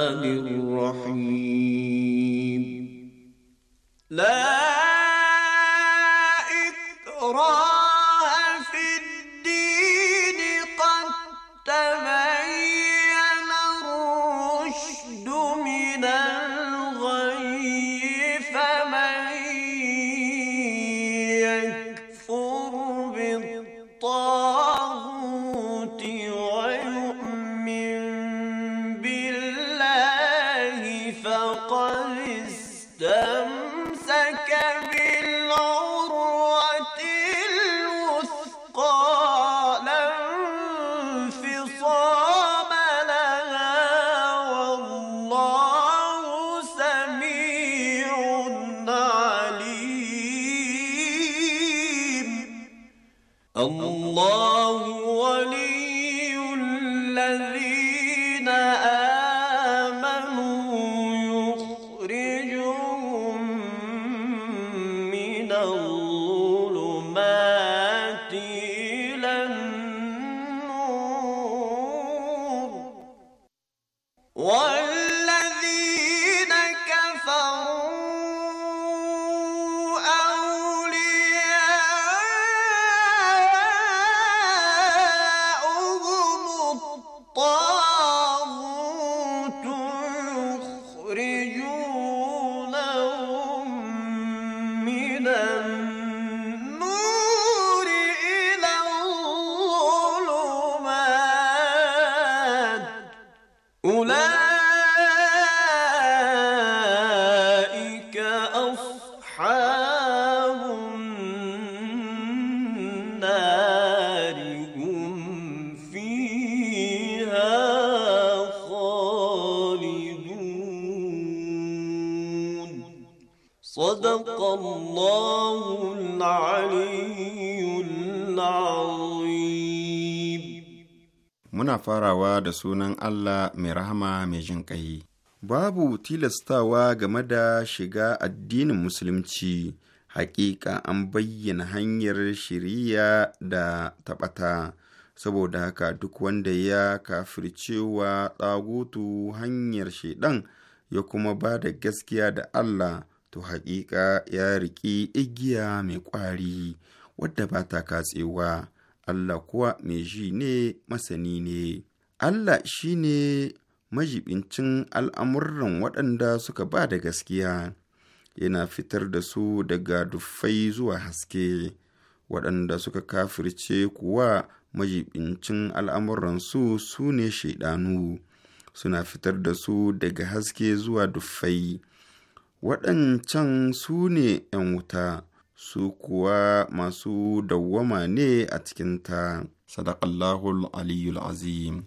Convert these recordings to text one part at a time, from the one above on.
الرحيم لا صدق muna farawa da sunan Allah mai rahama mai jin ƙai. Babu tilastawa game da shiga addinin Musulunci, hakika an bayyana hanyar shiriya da taɓata saboda haka duk wanda ya kafircewa tsagutu hanyar shaidan ya kuma ba da gaskiya da Allah to hakika ya riƙi igiya mai ƙwari wadda ba ta katsewa Allah kuwa mai ji ne masani ne Allah shi ne majibincin al'amuran waɗanda suka ba da gaskiya yana fitar da su daga dufai zuwa haske waɗanda suka kafirce kuwa majibincin al'amuransu su ne shaidanu suna fitar da su daga haske zuwa dufai. waɗancan su ne ‘yan wuta su kuwa masu dawwama ne a cikinta sadakallahul aliyul azim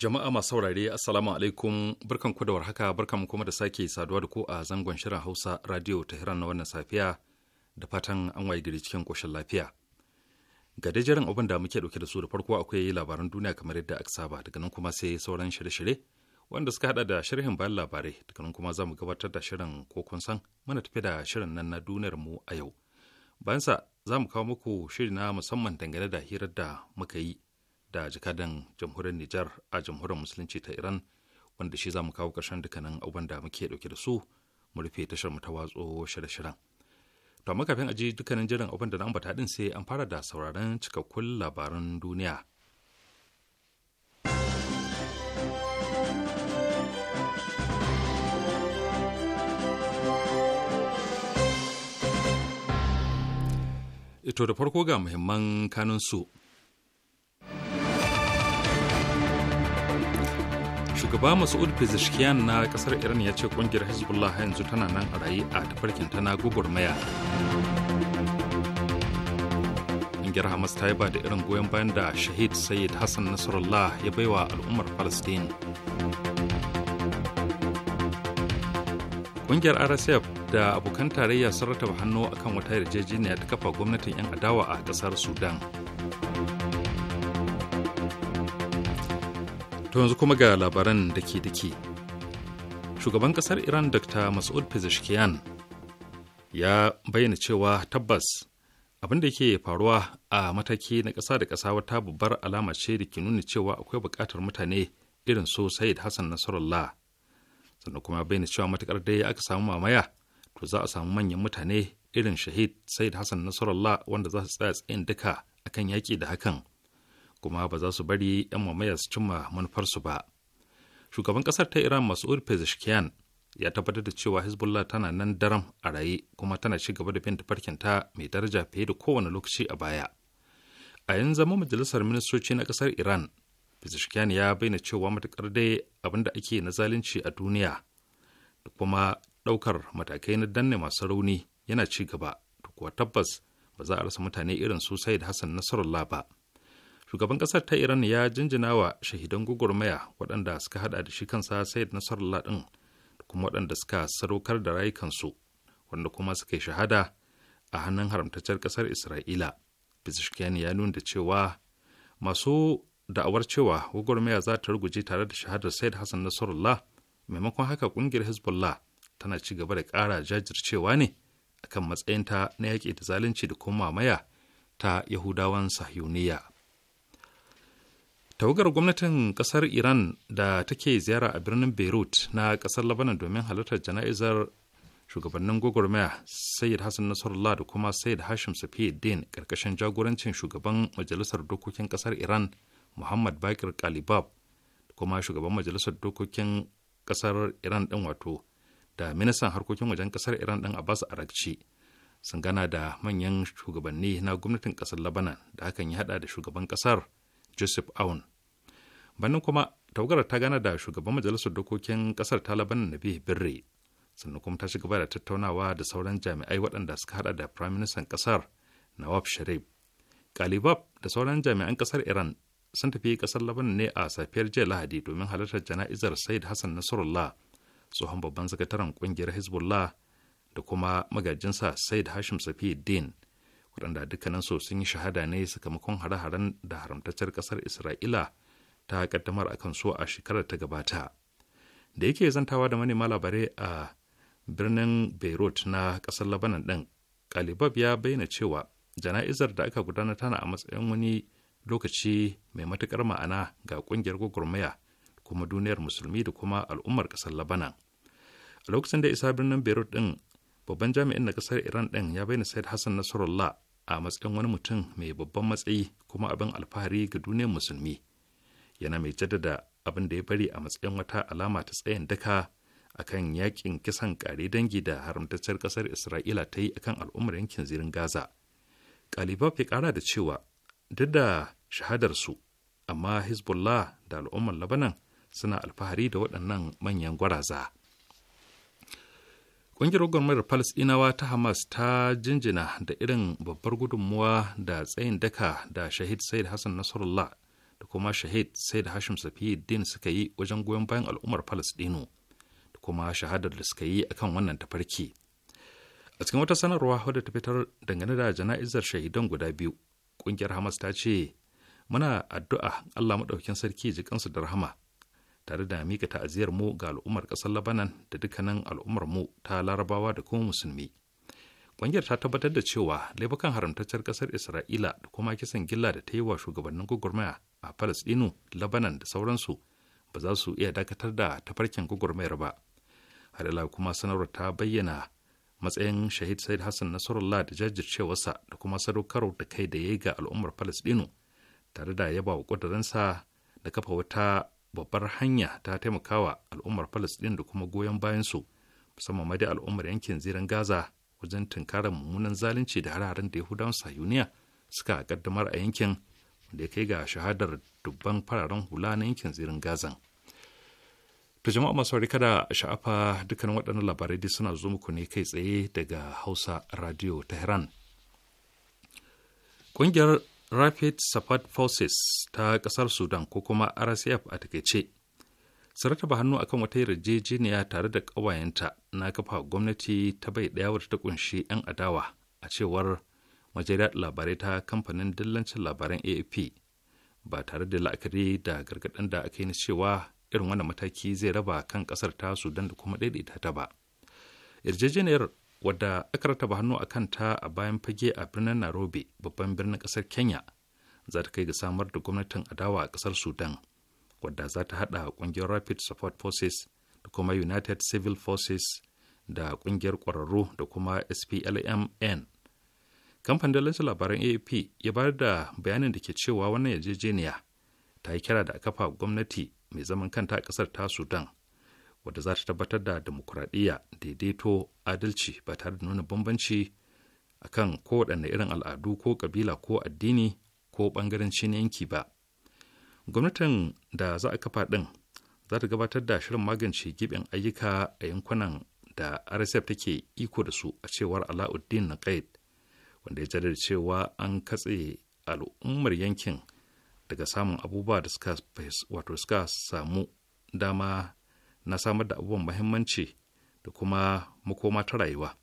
Jama'a masu saurare Assalamu alaikum barkan ku da warhaka barkan kuma da sake saduwa da ku a zangon shirin Hausa Radio hirar na wannan safiya da fatan an waye gari cikin koshin lafiya. Ga dajeren abin da muke dauke da su da farko akwai labaran duniya kamar yadda aka saba daga nan kuma sai sauran shirye-shirye wanda suka hada da sharhin bayan labarai daga nan kuma za mu gabatar da shirin ko kun san muna tafi da shirin nan na duniyar mu a yau. Bayansa za mu kawo muku shiri na musamman dangane da hirar da muka yi da jakadan jamhuriyar Nijar a jamhuriyar musulunci ta Iran wanda shi za mu kawo ƙarshen dukkanin abubuwan da muke ɗauke da su mu rufe tashar mu ta watso shirye-shiryen. To amma kafin a ji dukkanin jiran abin da na ambata din sai an fara da sauraron cikakkun labaran duniya. Ito da farko ga muhimman kanunsu shugaba masu'ud pezeshkian na kasar iran ya ce kungiyar hezbollah yanzu tana nan a rayu a tafarkin ta na gugurmaya kungiyar hamas ta yi ba da irin goyon bayan da shahid sayyid hassan nasarallah ya baiwa al'ummar palestine kungiyar rsf da abokan tarayya sun rataba hannu akan wata yarjejeniya ta kafa gwamnatin 'yan adawa a kasar sudan To yanzu kuma ga labaran da ke dake. Shugaban kasar Iran Dr. Mas'ud Pezeshkian ya bayyana cewa tabbas abin da ke faruwa a mataki na ƙasa da ƙasa wata babbar alama ce da ke nuna cewa akwai bukatar mutane irin so Said Hassan nasarallah Sannan kuma bayyana cewa matuƙar dai aka samu mamaya to za a samu manyan mutane irin shahid Said Hassan nasarallah wanda za su tsaya tsayin duka akan yaƙi da hakan. kuma ba za su bari 'yan mamaya su cimma manufarsu ba shugaban kasar ta iran mas'ud pezeshkian ya tabbatar da cewa hezbollah tana nan daram a raye kuma tana ci gaba da bin tafarkinta mai daraja fiye da kowane lokaci a baya a yin zama majalisar ministoci na kasar iran pezeshkian ya bayyana cewa matukar dai abin da ake na zalunci a duniya da kuma ɗaukar matakai na danne masu rauni yana ci gaba to kuwa tabbas ba za a rasa mutane irin su da hassan nasarullah ba shugaban kasar ta iran ya jinjina wa shahidan gugurmaya waɗanda suka hada da shi kansa sayid nasar ladin da kuma waɗanda suka sadaukar da rayukansu wanda kuma suka yi shahada a hannun haramtaccen kasar isra'ila bizikiyan ya nuna da cewa masu da'awar cewa gwagwarmaya za ta ruguje tare da shahadar sayid hassan nasarallah maimakon haka kungiyar hezbollah tana ci gaba da ƙara jajircewa ne akan matsayinta na yaƙi da zalunci da kuma maya ta yahudawan sahiyuniya tawagar gwamnatin kasar iran da take ziyara a birnin beirut na kasar labanan domin halartar jana'izar shugabannin gwagwarmaya sayyid hassan nasarullah da kuma sayyid hashim safiuddin karkashin jagorancin shugaban majalisar dokokin kasar iran muhammad bakir kalibab da kuma shugaban majalisar dokokin kasar iran din wato da ministan harkokin wajen kasar iran din abbas arakci sun gana da manyan shugabanni na gwamnatin kasar labanan da hakan ya hada da shugaban kasar joseph aun bannin kuma tawagar ta gana da shugaban majalisar dokokin kasar taliban labanin nabi birri sannan kuma ta shiga da tattaunawa da sauran jami'ai waɗanda suka hada da Minister kasar nawab sharif kalibab da sauran jami'an kasar iran sun tafi kasar labanin ne a safiyar jiya lahadi domin halartar jana'izar said hassan nasrullah tsohon babban sakataren kungiyar hezbollah da kuma magajinsa said hashim safi din waɗanda su sun yi shahada ne sakamakon hare-haren da haramtaccen ƙasar isra'ila ta kaddamar a kan su a shekarar ta gabata da yake zantawa da manema labarai a birnin beirut na ƙasar labanan ɗin kalibab ya bayyana cewa jana'izar da aka gudanar tana a matsayin wani lokaci mai matukar ma'ana ga ƙungiyar gwagwarmaya kuma duniyar musulmi da kuma al'ummar ƙasar labanan a lokacin da isa birnin beirut ɗin babban jami'in na ƙasar iran ɗin ya bayyana said hassan nasarallah a matsayin wani mutum mai babban matsayi kuma abin alfahari ga duniyar musulmi yana mai jaddada abin da ya bari a matsayin wata alama ta tsayin daka a kan yakin kisan kare dangi da haramtaccen kasar isra'ila ta yi a kan al'ummar yankin zirin gaza kalibab ya kara da cewa duk da shahadarsu amma hezbollah da al'ummar labanan suna alfahari da waɗannan manyan gwaraza Ƙungiyar gwamnatin Falasɗinawa ta Hamas ta jinjina da irin babbar gudunmuwa da tsayin daka da Shahid Said Hassan Nasrullah da kuma Shahid Said Hashim Safiuddin suka yi wajen goyon bayan al'ummar Falasɗinu da kuma shahadar da suka yi akan wannan tafarki. A cikin wata sanarwa wadda ta fitar dangane da jana'izar shahidan guda biyu, ƙungiyar Hamas ta ce, Muna addu'a Allah Maɗaukin Sarki jikansu da rahama, tare da mika ta'aziyar mu ga al'ummar ƙasar Labanan da dukkanin al'ummar mu ta Larabawa da kuma musulmi. Ƙungiyar ta tabbatar da cewa laifukan haramtaccen ƙasar Isra'ila da kuma kisan gilla da ta yi wa shugabannin gwagwarmaya a Falasɗinu, Labanan da sauransu ba za su iya dakatar da tafarkin gwagwarmayar ba. Hadala kuma sanarwar ta bayyana matsayin shahid Said Hassan Nasrullah da jajircewarsa da kuma sadaukarwar da kai da ya yi ga al'ummar Falasɗinu tare da yaba wa ƙudurinsa da kafa wata babbar hanya ta taimakawa al'ummar Falasɗin da kuma goyon bayansu musamman ma dai al'ummar yankin zirin Gaza wajen tunkarar mummunan zalunci da hararen da Yahudawan Sayuniya suka kaddamar a yankin da ya kai ga shahadar dubban fararen hula na yankin zirin gaza. To jama'a masu warika da sha'afa dukkan waɗannan labarai dai suna zo muku ne kai tsaye daga Hausa Radio Tehran. Ƙungiyar rapid support forces ta kasar sudan ko kuma rsf a takaice su ba hannu akan wata yarjejeniya tare da kawayenta na kafa gwamnati ta bai ɗaya wadda ta kunshi 'yan adawa a cewar majalisar labarai ta kamfanin dillancin labaran afp ba tare da la'akari da gargaɗin da aka yi na cewa irin wannan mataki zai raba kan ƙasar ta sudan da kuma ɗaiɗaita ta ba yarjejeniyar wadda aka rataba hannu a kanta a bayan fage a birnin Nairobi babban birnin kasar Kenya za ta kai ga samar da gwamnatin adawa a kasar Sudan wadda za ta haɗa ƙungiyar Rapid Support Forces da kuma United Civil Forces da ƙungiyar ƙwararru da kuma SPLMN. Kamfanin dalancin labaran AAP ya bayar da bayanin da ke cewa wannan yarjejeniya ta yi kira da kafa gwamnati mai zaman kanta a kasar ta Sudan wadda za ta tabbatar da demokuraɗiyya daidaito adalci ba tare da nuna bambanci akan kowaɗanne irin al'adu ko ƙabila ko addini ko ɓangaren na yanki ba gwamnatin da za a kafa ɗin za ta gabatar da shirin magance gibin ayyuka a yankunan da rsf take iko da su a cewar alauddin naqaid wanda ya jaddada cewa an katse al'ummar yankin daga samun abubuwa da suka samu dama na samar da abubuwan muhimmanci da kuma makoma ta rayuwa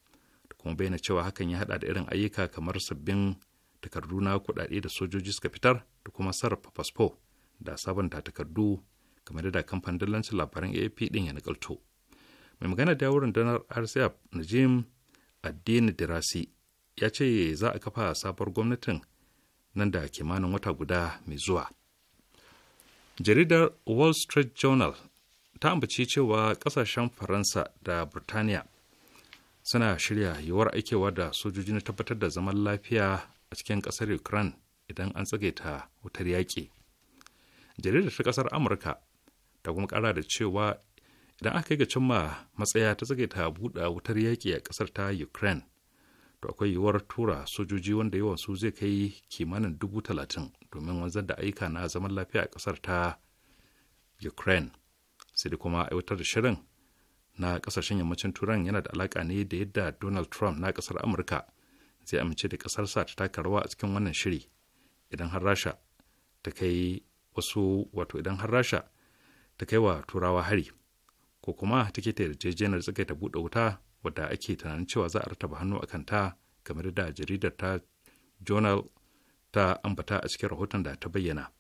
da kuma bayyana cewa hakan ya haɗa da irin ayyuka kamar sabbin takardu na kuɗaɗe da sojoji suka fitar da kuma sarrafa fasfo da sabanta takardu kamar da kamfanin dillancin labaran ap ɗin ya nakalto. Mai magana da wurin danar RCF Najim Addini Dirasi ya ce za a kafa sabuwar gwamnatin nan da kimanin wata guda mai zuwa. Jaridar Wall Street Journal ta ambaci cewa kasashen faransa da burtaniya suna shirya yiwuwar aikewa da sojoji na tabbatar da zaman lafiya a cikin kasar ukraine idan an tsage ta wutar yaƙi jaridar ta kasar amurka ta kuma kara da cewa idan aka yi ga cimma matsaya ta tsage ta buɗe wutar yaƙi a kasar ta ukraine to akwai yiwuwar tura sojoji wanda yawan su zai kai kimanin dubu talatin domin wanzar da aika na zaman lafiya a kasar ta ukraine sai da kuma aiwatar da shirin na kasashen yammacin turan yana da alaka ne da yadda donald trump na kasar amurka zai amince da kasarsa ta taka rawa a cikin wannan shiri idan har rasha ta kai wasu wato idan har rasha ta kai wa turawa hari ko kuma take ta yarjejeniyar tsakai ta buɗe wuta wadda ake tunanin cewa za a rataba hannu a kanta kamar da jaridar ta journal ta ambata a cikin rahoton da ta bayyana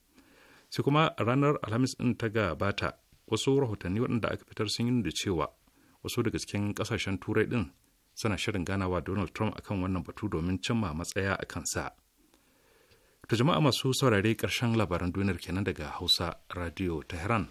sai kuma ranar alhamis ɗin ta gabata wasu rahotanni waɗanda aka fitar sun yi da cewa wasu daga cikin ƙasashen turai ɗin suna shirin ganawa donald trump akan wannan batu domin cimma matsaya a kansa ta jama'a masu saurare ƙarshen labaran duniyar kenan daga hausa radio tehran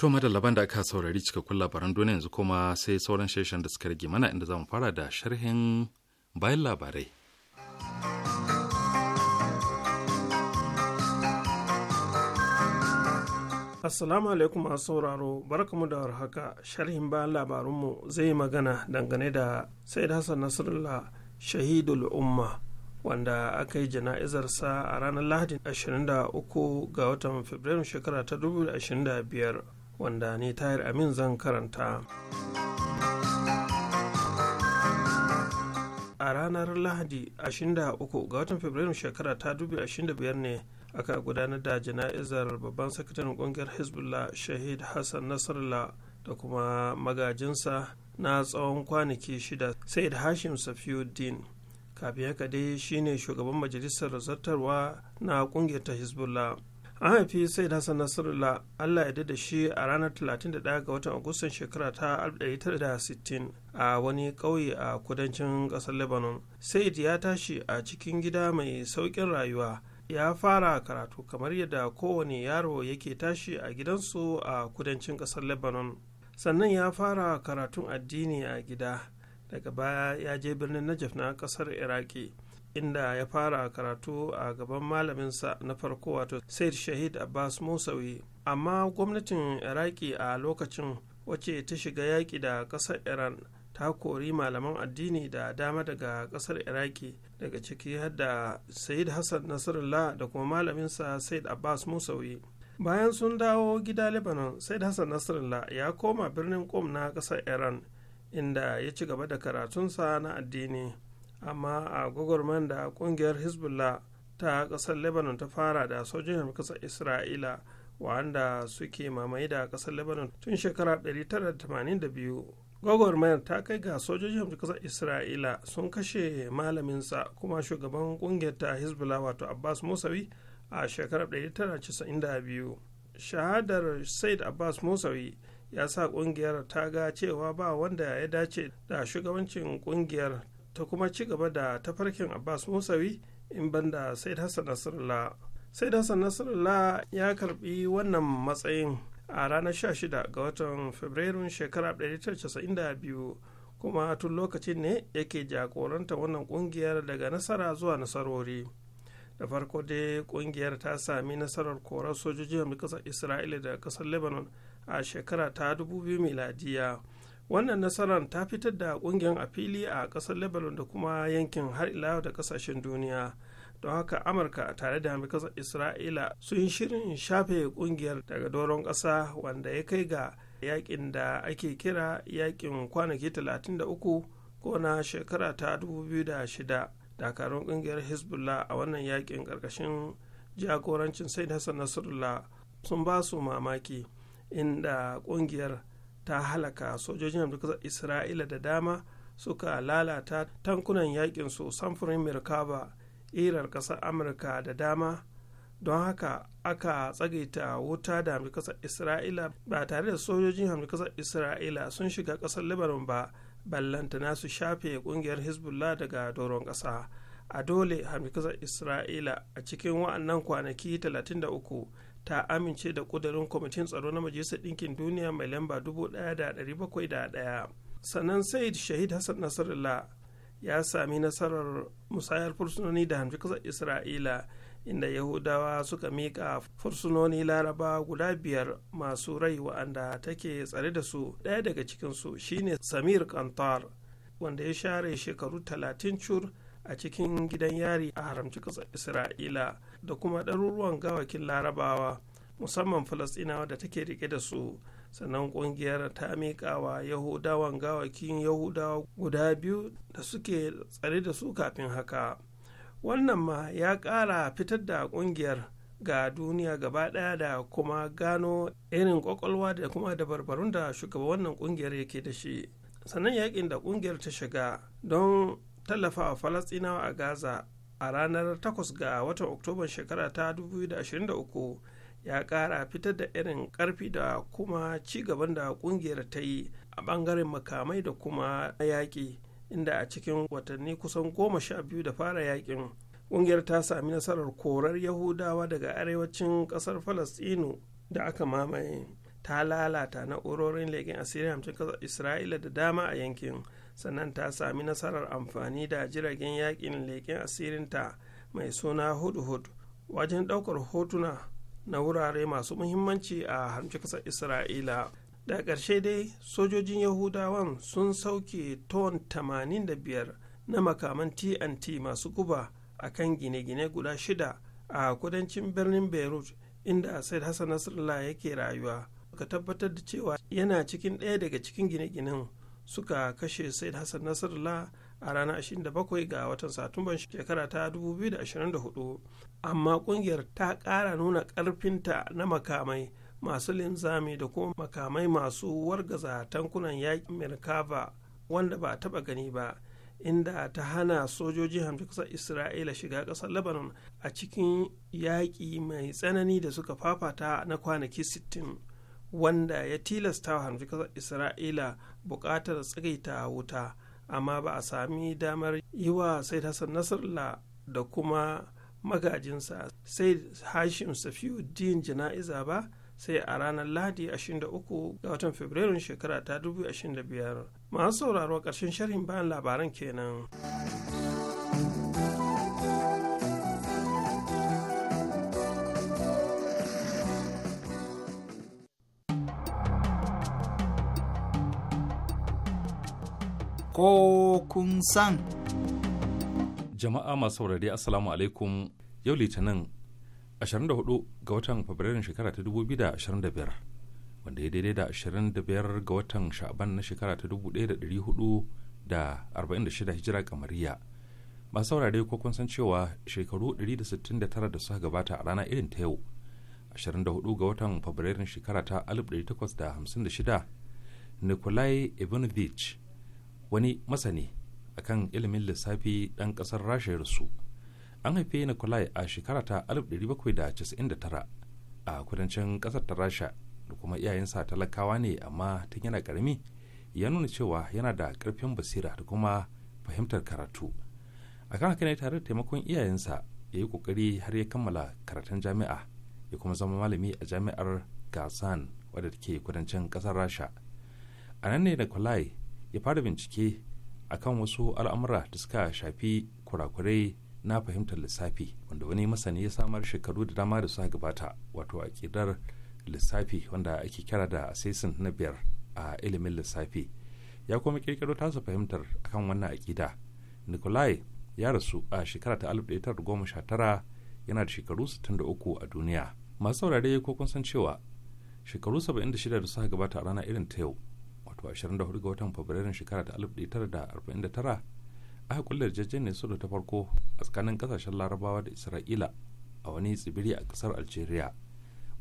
To ma da da aka saurari cikakkun labaran duniya yanzu kuma sai sauran sheshen da suka rage mana inda zamu fara da sharhin bayan labarai. Assalamu alaikum masu sauraro barkamu da warhaka sharhin bayan labarunmu zai magana dangane da Said Hassan Nasrullah shahidul umma wanda aka yi jana'izarsa a ranar lahadin 23 ga watan Fabrairu shekara ta 2025. wanda ne tahir amin zan karanta a ranar lahadi 23 ga watan fabrairu shekara ta 2025 ne aka gudanar da jana'izar babban sakataren kungiyar hezbollah shahid hassan nasrallah da kuma magajinsa na tsawon kwanaki shida said hashim safiuddin kafin haka dai shine shugaban majalisar zartarwa na kungiyar ta hezbollah an haifi sai da hassan allah ya da shi a ranar 31 ga watan agustan shekara ta 1960 a wani ƙauye a kudancin ƙasar lebanon said ya tashi a cikin gida mai saukin rayuwa ya fara karatu kamar yadda kowane yaro yake tashi a gidansu a kudancin ƙasar lebanon sannan ya fara karatun addini a gida daga baya ya je birnin najaf na ƙasar iraki inda ya fara karatu a gaban malaminsa na farko wato said shahid abbas musawi amma gwamnatin iraki a lokacin wacce ta shiga yaƙi da ƙasar iran ta kori malaman addini da dama daga ƙasar iraki daga ciki har da said hassan nasarullah da kuma malaminsa said abbas musawi bayan sun dawo gida lebanon said hassan nasarullah ya koma birnin kom na ƙasar iran inda ya ci gaba da karatunsa na addini amma a gwagwarmayar da kungiyar hezbollah ta kasar lebanon ta fara da sojojin kasar isra'ila wanda suke mamaye da kasar lebanon tun shekara 1982 gwagwarmayar ta kai ga sojojin kasar isra'ila sun kashe malaminsa kuma shugaban kungiyar ta hezbollah wato abbas musawi a shekarar 1992 shahadar said abbas musawi ya sa kungiyar ta ga cewa ba wanda ya dace da shugabancin kungiyar ta kuma ci gaba da tafarkin abbas musawi in banda said hassan nasrallah said hassan nasrallah ya karbi wannan matsayin a ranar 16 ga watan fabrairun shekara 1992 kuma tun lokacin ne yake jagoranta wannan kungiyar daga nasara zuwa nasarori da farko dai kungiyar ta sami nasarar korar sojojin kasar isra'ila da kasar lebanon a shekara ta 2000 miladiya wannan nasarar ta fitar da kungiyar a fili a kasar lebanon da kuma yankin har ila da kasashen duniya don haka amurka tare da kasar isra'ila sun shirin shafe kungiyar daga doron kasa wanda ya kai ga yakin da ake kira yakin kwanaki 33 ko na shekara ta 2006 dakarun kungiyar hezbollah a wannan yakin karkashin jagorancin said hassan nasrullah sun ba su mamaki inda kungiyar ta halaka sojojin amurka isra'ila da dama suka lalata tankunan yakin su samfurin mirkaba irar ƙasar amurka da dama don haka aka tsagaita wuta da amurka isra'ila ba tare da sojojin amurka isra'ila sun shiga ƙasar libanon ba na su shafe ƙungiyar hezbollah daga doron ƙasa a dole amurka isra'ila a cikin wa'annan kwanaki 33 ta amince da kudurin kwamitin tsaro na majalisar ɗinkin duniya mai lamba 1701 sannan said shahid hassan nasarallah ya sami nasarar musayar fursunoni da hamshi kasar isra'ila inda yahudawa suka miƙa fursunoni laraba guda biyar masu rai wa'anda take tsare da su ɗaya daga cikinsu shine samir kantar wanda ya share shekaru talatin cur a cikin gidan yari a haramci kasar isra'ila da kuma ɗaruruwan gawakin larabawa musamman falasɗinawa da take rike da su sannan ƙungiyar ta miƙawa yahudawan gawakin yahudawa guda biyu da suke tsare da su kafin haka wannan ma ya ƙara fitar da ƙungiyar ga duniya gaba ɗaya da kuma gano irin ƙwaƙwalwa da kuma dabarbarun da shugaba wannan ƙungiyar yake da shi sannan yakin da ƙungiyar ta shiga don tallafawa falasɗinawa a gaza a ranar 8 ga watan oktoban shekara ta 2023 ya kara fitar da irin karfi da kuma ci gaban da kungiyar ta yi a bangaren makamai da kuma yaƙi inda a cikin watanni kusan goma sha biyu da fara yaƙin kungiyar ta sami nasarar korar yahudawa daga arewacin ƙasar falastinu da aka mamaye ta lalata na'urorin leƙen asirin hamsin ƙasar isra'ila da dama a yankin sannan ta sami nasarar amfani da jiragen yakin leƙen asirinta mai suna hudhud wajen ɗaukar hotuna na wurare masu muhimmanci a hamci ƙasar isra'ila da ƙarshe dai sojojin yahudawan sun sauke ton 85 na makaman tnt masu guba a kan gine-gine guda shida a kudancin birnin beirut inda said hassan nasrallah yake rayuwa ka tabbatar da cewa yana cikin ɗaya daga cikin gine-ginen suka kashe said hassan nasarallah a ranar 27 ga watan satumban shekara ta 2024 amma kungiyar ta kara nuna karfinta na makamai masu linzami da kuma makamai masu wargaza tankunan yakin merkava wanda ba taba gani ba inda ta hana sojoji hamsin ƙasar isra'ila shiga kasar lebanon a cikin yaƙi mai tsanani da suka fafata na kwanaki 60 wanda ya tilasta wa kasar isra'ila buƙatar tsagaita wuta amma ba a sami damar yi wa sai hassan nasarla da kuma magajinsa sai hashim din jana'iza ba sai a ranar lahadi 23 ga watan fabrairun shekara ta 2025 masu sauraro ƙarshen sharhin bayan labaran kenan. ko kun san. Jama'a masu saurari Assalamu alaikum yau Litinin 24 ga watan Fabrairun shekara ta 2025 wanda ya daidai da 25 ga watan shaban na shekara ta 1446 Hijira kamariya. Masu saurari ko kun san cewa shekaru 169 da suka gabata a rana irin ta yau 24 ga watan Fabrairun shekara ta 1856 Nikolai Ivanovich wani masani akan ilimin lissafi ɗan ƙasar rasha rasu an haife nikolai a shekara ta 1799 a kudancin ƙasar ta rasha da kuma iyayensa talakawa ne amma tun yana ƙarami ya nuna cewa yana da ƙarfin basira da kuma fahimtar karatu akan haka ne tare da taimakon iyayensa ya yi ƙoƙari har ya kammala karatun jami'a ya kuma zama malami a jami'ar gasan wadda take kudancin ƙasar rasha a nan ne nikolai ya fara bincike a kan wasu al'amura da suka shafi kurakurai na fahimtar lissafi wanda wani masani ya samar shekaru da dama da suka gabata wato akidar lissafi wanda ake kira da assessment na biyar a ilimin lissafi ya kuma kirkiro tasa fahimtar akan wannan akida nikolai ya rasu a shekara ta 1919 yana da shekaru 63 a duniya masu saurari ko kun san cewa shekaru 76 da suka gabata a rana irin ta yau wato 24 ga watan fabrairun shekara ta 1949 aka kulle yarjejeniyar sulhu ta farko a tsakanin kasashen larabawa da isra'ila a wani tsibiri a kasar algeria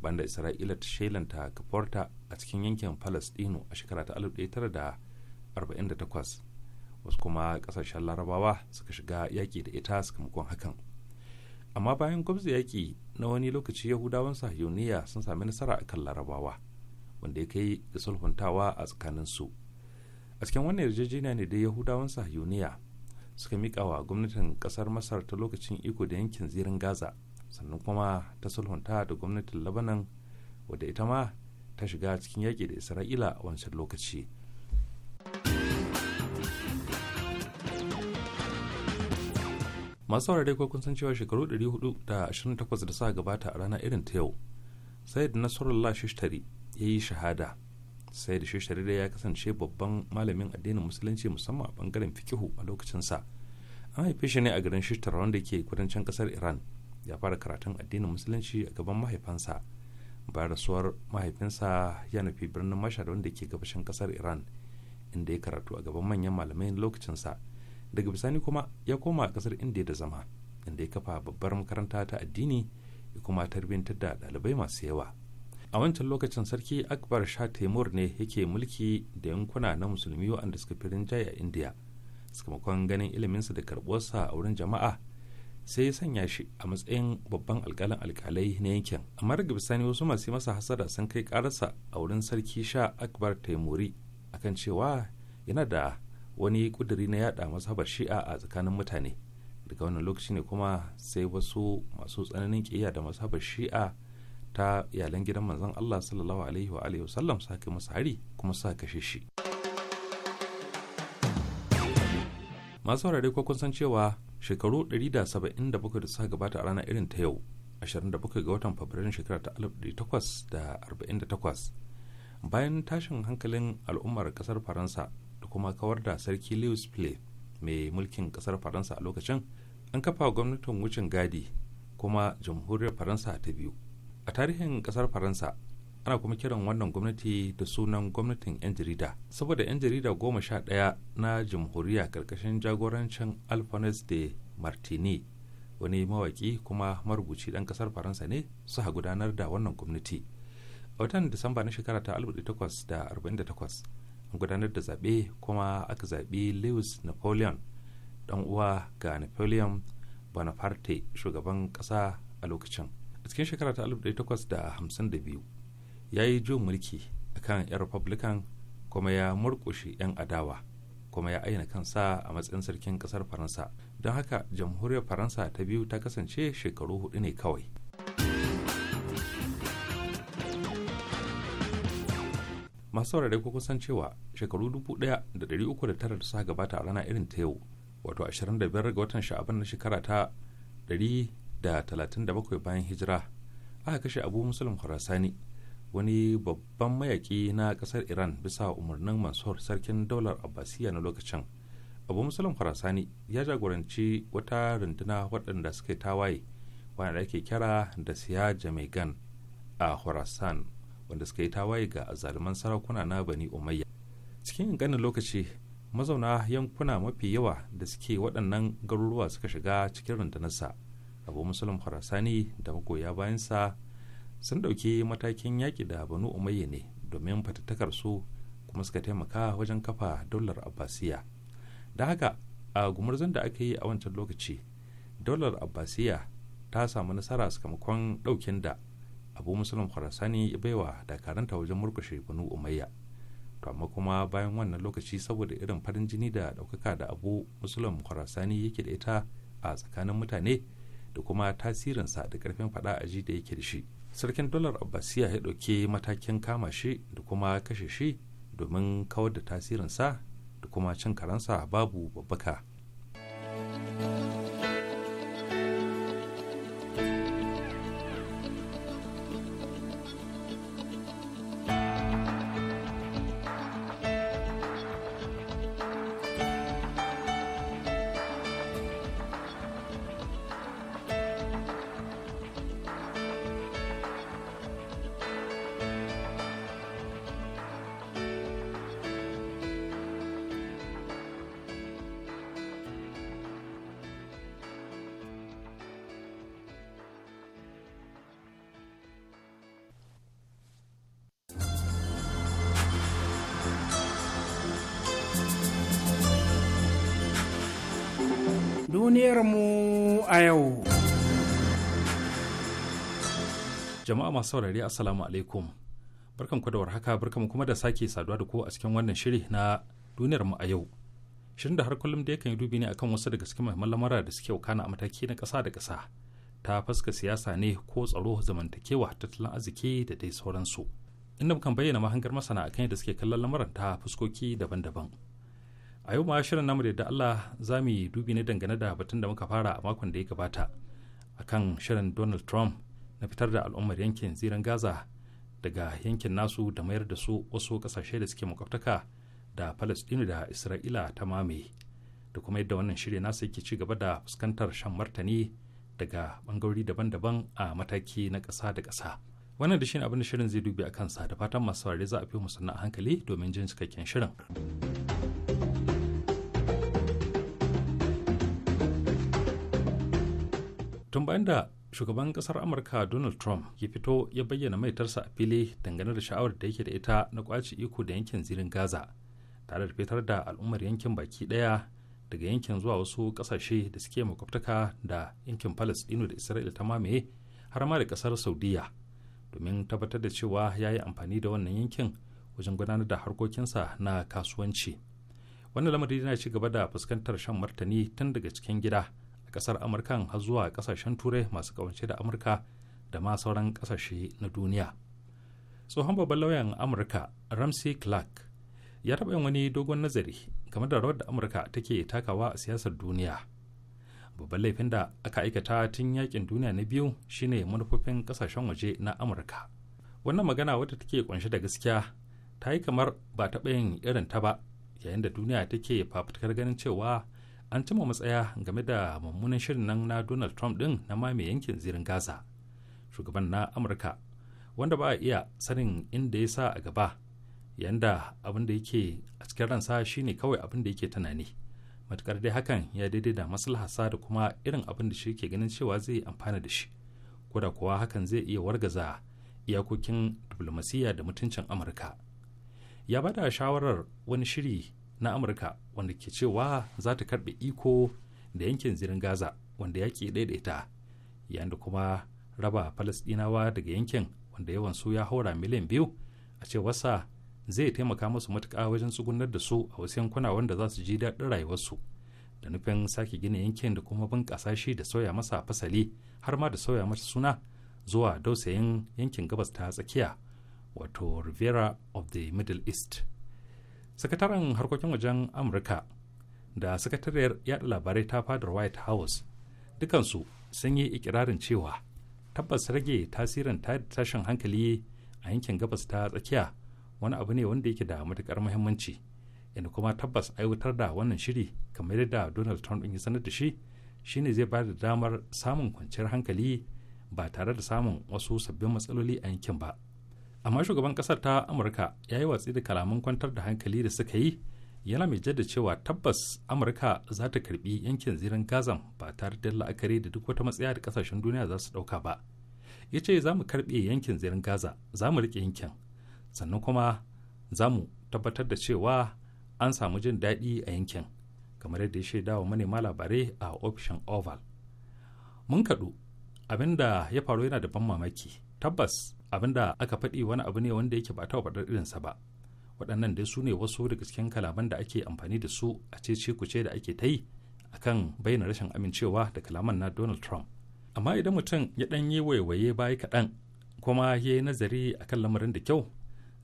banda isra'ila ta shelanta kafarta a cikin yankin palestino a shekara ta 1948 wasu kuma kasashen larabawa suka shiga yaƙi da ita sakamakon hakan amma bayan gwamnati yaƙi na wani lokaci yahudawan sahiyoniya sun sami nasara akan larabawa wanda ya kai da sulhuntawa a tsakanin su a cikin wannan yarjejeniya ne dai yahudawan sahiyuniya suka mika wa gwamnatin kasar masar ta lokacin iko da yankin zirin gaza sannan kuma ta sulhunta da gwamnatin labanan wadda ita ma ta shiga cikin yaƙi da isra'ila a wancan lokaci masu saurare ko kun san cewa shekaru 428 da suka gabata a rana irin ta yau sayyid nasarullah shishtari ya yi shahada sai da shi ya kasance babban malamin addinin musulunci musamman a bangaren fikihu a lokacinsa an haife shi ne a garin shishtar wanda ke kudancin kasar iran ya fara karatun addinin musulunci a gaban mahaifansa bayan rasuwar mahaifinsa ya nufi birnin mashar wanda ke gabashin kasar iran inda ya karatu a gaban manyan malamai lokacinsa daga bisani kuma ya koma a kasar indiya da zama inda ya kafa babbar makaranta ta addini ya kuma tarbiyyantar da ɗalibai masu yawa a wancan lokacin sarki akbar sha taimur ne yake mulki da yankuna na musulmi waɗanda suka fi a indiya sakamakon ganin iliminsa da karɓuwarsa a wurin jama'a sai ya sanya shi a matsayin babban alkalin alkalai na yankin amma daga bisani wasu masu yi masa hasara sun kai ƙararsa a wurin sarki sha akbar taimuri akan cewa yana da wani ƙuduri na yada mazhabar shi'a a tsakanin mutane daga wannan lokaci ne kuma sai wasu masu tsananin ƙiyya da mazhabar shi'a ta iyalan gidan manzon Allah sallallahu alaihi wa alihi wasallam sallam kai masa hari kuma sa kashe shi masu saurare ko kun san cewa shekaru 177 da suka gabata a ranar irin ta yau 27 ga watan fabrairun shekara ta 1848 bayan tashin hankalin al'ummar kasar faransa da kuma kawar da sarki louis play mai mulkin kasar faransa a lokacin an kafa gwamnatin wucin gadi kuma jamhuriyar faransa ta biyu a tarihin kasar faransa ana kuma kiran wannan gwamnati da sunan gwamnatin 'yan jarida saboda 'yan jarida goma sha ɗaya na jamhuriya karkashin jagorancin alphonse de martini wani mawaki kuma marubuci ɗan kasar faransa ne su ha gudanar da wannan gwamnati a watan disamba na shekara ta 1848 an gudanar da zaɓe kuma aka zaɓi lewis napoleon ɗan uwa ga napoleon bonaparte shugaban ƙasa a lokacin a cikin shekara ta 1852 ya yi jin mulki a kan 'yan republican kuma ya murkushe 'yan adawa kuma ya aina kansa a matsayin sarkin kasar faransa don haka jamhuriyar faransa ta biyu ta kasance shekaru hudu ne kawai masu saurare ko kusan cewa shekaru 1,309 da suka gabata a rana irin ta yau wato 25 ga watan sha'aban na shekara ta da 37 bayan hijira aka kashe abu musulun khurasani wani babban mayaki na kasar iran bisa umarnin mansur sarkin daular abbasiya na lokacin abu musulun khurasani ya jagoranci wata runduna waɗanda suka tawaye wanda ake kira da siya jamaican a khurasan wanda suka yi tawaye ga azaliman sarakuna na bani umayya cikin ganin lokaci mazauna yankuna mafi yawa da suke waɗannan garuruwa suka shiga cikin rundunarsa abu musulun farasani da magoya bayansa sun ɗauki matakin yaƙi da banu umayya ne domin fatattakar su kuma suka taimaka wajen kafa daular abbasiya da haka a gumurzan da aka yi a wancan lokaci daular abbasiya ta samu nasara sakamakon ɗaukin da abu musulun farasani ya baiwa dakaranta wajen murkushe banu umayya to amma kuma bayan wannan lokaci saboda irin farin jini da ɗaukaka da abu musulun farasani yake da ita a tsakanin mutane da kuma tasirinsa da karfin fada a ji da yake da shi sarkin dolar abbasiya ya ɗauki matakin kama shi da kuma kashe shi domin kawar da tasirinsa da kuma cin karansa babu babbaka. mu a yau. Jama'a masu saurari Assalamu alaikum. Barkan ku da warhaka barkan kuma da sake saduwa da ku a cikin wannan shiri na duniyar mu a yau. Shirin da har kullum da yakan yi dubi ne akan wasu daga cikin mahimman lamura da suke wakana a mataki na kasa da kasa Ta faska siyasa ne ko tsaro zamantakewa tattalin arziki da dai sauransu. Inda kan bayyana mahangar masana akan yadda suke kallon lamuran ta fuskoki daban-daban. a yau ma shirin namu da Allah za mu yi dubi ne dangane da batun da muka fara a makon da ya gabata a kan shirin Donald Trump na fitar da al'ummar yankin ziran Gaza daga yankin nasu da mayar da su wasu kasashe da suke makwabtaka da Palestine da Isra'ila ta mamaye da kuma yadda wannan shirya nasu yake ci gaba da fuskantar shan martani daga bangarori daban-daban a mataki na ƙasa da ƙasa. wannan da shine abin da shirin zai dubi a kansa da fatan masu saurare za a fi musanna a hankali domin jin cikakken shirin. tun bayan da shugaban kasar amurka donald trump ya fito ya bayyana maitarsa a fili dangane da sha'awar da yake da ita na kwaci iko da yankin zirin gaza tare da fitar da al'ummar yankin baki daya daga yankin zuwa wasu kasashe da suke makwabtaka da yankin palace dino da isra'ila ta mamaye har ma da kasar saudiya domin tabbatar da cewa ya yi amfani da wannan yankin wajen gudanar da harkokinsa na kasuwanci wannan lamari yana ci gaba da fuskantar shan martani tun daga cikin gida kasar amurkan har zuwa kasashen turai masu kawance da amurka da ma sauran kasashe na duniya tsohon babban lauyan amurka ramsey clark ya taɓa yin wani dogon nazari game da rawar da amurka take takawa a siyasar duniya babban laifin da aka aikata tun yakin duniya na biyu shine manufofin kasashen waje na amurka wannan magana wata take kunshe da gaskiya ta yi kamar ba taɓa yin irin ta ba yayin da duniya take fafutukar ganin cewa an cima matsaya game da mummunan shirin nan na donald trump din na mamaye yankin zirin gaza shugaban na amurka wanda ba a iya sanin inda ya sa a gaba yanda abin da yake a cikin ransa shine kawai abin da yake tunani matukar dai hakan ya daidai da maslaharsa da kuma irin abin da shi ke ganin cewa zai amfana da shi ko da kuwa hakan zai iya wargaza iyakokin diplomasiyya da mutuncin amurka ya bada shawarar wani shiri na amurka wanda ke cewa za ta karbe iko da yankin zirin gaza wanda yake daidaita yayin da kuma raba falastinawa daga yankin wanda yawan su ya haura miliyan biyu a cewarsa zai taimaka musu matuƙa wajen tsugunar da su a wasu yankuna wanda za su ji daɗin rayuwarsu da nufin sake gina yankin da kuma bunƙasa shi da sauya masa fasali har ma da sauya masa suna zuwa dausayin yankin gabas ta tsakiya wato rivera of the middle east sakataren harkokin wajen amurka da sakatariyar yada labarai ta fadar white house dukansu sun yi ikirarin cewa tabbas rage tasirin tashin hankali a yankin gabas ta tsakiya wani abu ne wanda yake da matukar muhimmanci inda kuma tabbas aiwatar da wannan shiri kamar yadda donald trump ya sanar da shi shine zai bada damar samun kwanciyar hankali ba tare da samun wasu sabbin matsaloli a yankin ba amma shugaban kasar ta amurka ya yi watsi da kalaman kwantar da hankali da suka yi yana mai jadda cewa tabbas amurka za ta karbi yankin zirin gazan ba tare da la'akari da duk wata matsaya da kasashen duniya za su dauka ba ya ce za mu karbe yankin zirin gaza za mu rike yankin sannan kuma za mu tabbatar da cewa an samu jin daɗi a yankin kamar yadda ya shaida wa manema labarai a ofishin oval mun kaɗu abinda ya faru yana da ban mamaki tabbas abin da aka faɗi wani abu ne wanda yake ba ta faɗar irinsa ba waɗannan dai su ne wasu daga cikin kalaman da ake amfani da su a ce ku ce da ake ta yi akan bayyana rashin amincewa da kalaman na donald trump amma idan mutum ya ɗan yi waiwaye baya kaɗan kuma ya yi nazari a kan lamarin da kyau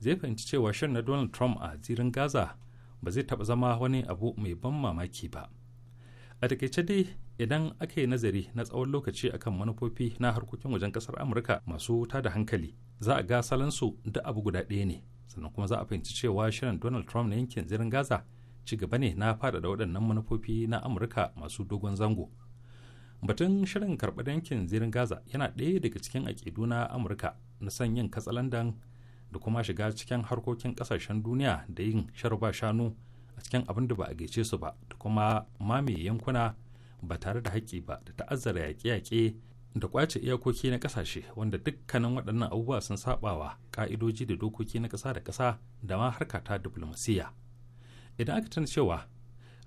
zai fahimci cewa shan na donald trump a zirin gaza ba zai taɓa zama wani abu mai ban mamaki ba a takaice dai idan aka yi nazari na tsawon lokaci akan manufofi na harkokin wajen kasar amurka masu da hankali za a ga salansu da abu guda ɗaya ne sannan kuma za a fahimci cewa shirin donald trump na yankin zirin gaza ci gaba ne na faɗaɗa waɗannan manufofi na amurka masu dogon zango batun shirin karɓar yankin zirin gaza yana ɗaya daga cikin aƙidu na amurka na son yin katsalandan da kuma shiga cikin harkokin ƙasashen duniya da yin sharba shanu a cikin abin da ba a gaishe su ba da kuma mamaye yankuna ba tare da haƙƙi ba da ta'azzara yaƙe-yaƙe da ƙwace iyakoki na ƙasashe wanda dukkanin waɗannan abubuwa sun saɓawa ƙa'idoji da dokoki na ƙasa da ƙasa da ma harka ta diflomasiyya idan aka tana cewa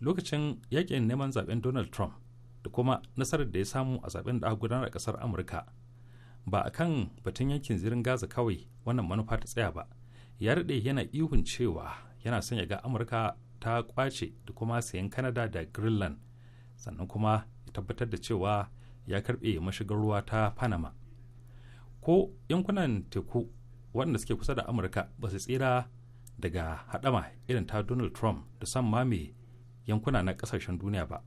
lokacin yaƙin neman zaɓen donald trump da kuma nasarar da ya samu a zaɓen da aka gudanar a ƙasar amurka ba a kan batun yankin zirin gaza kawai wannan manufa ta tsaya ba ya daɗe yana ihun cewa yana son ya ga amurka ta kwace da kuma sayan kanada da greenland sannan kuma ya tabbatar da cewa ya karbe mashigar ruwa ta panama ko yankunan teku waɗanda suke kusa da amurka ba su tsira daga haɗama irin ta donald trump da san mame yankuna na ƙasashen duniya ba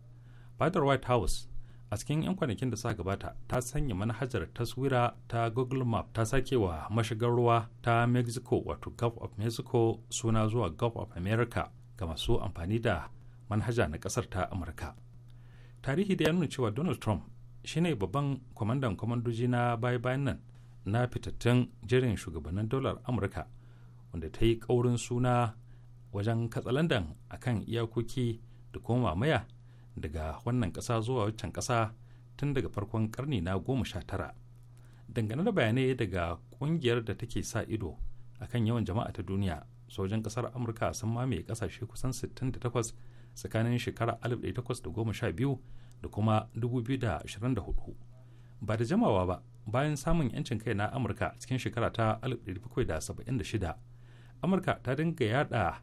fadar white house a cikin 'yan kwanakin da sa gabata ta sanya manhajar taswira ta google map ta sake wa mashigar ruwa ta mexico wato gulf of mexico suna zuwa gulf of america ga masu amfani da manhaja na kasar ta amurka tarihi da ya nuna cewa donald trump shine babban kwamandan kwamandoji na baya-bayan nan na fitattun jirin shugabannin dolar amurka wanda ta yi kaurin suna wajen katsalandan a kan iyakoki da kuma mamaya daga wannan kasa zuwa waccan kasa tun daga farkon karni na goma sha tara dangane da bayanai daga kungiyar da take sa ido a kan yawan jama'a ta duniya sojan kasar amurka sun mamaye kasashe kusan 68 tsakanin shekara 1812 da kuma 2024 ba da jamawa ba bayan samun yancin kai na amurka cikin shekara ta 1776 amurka ta dinga yada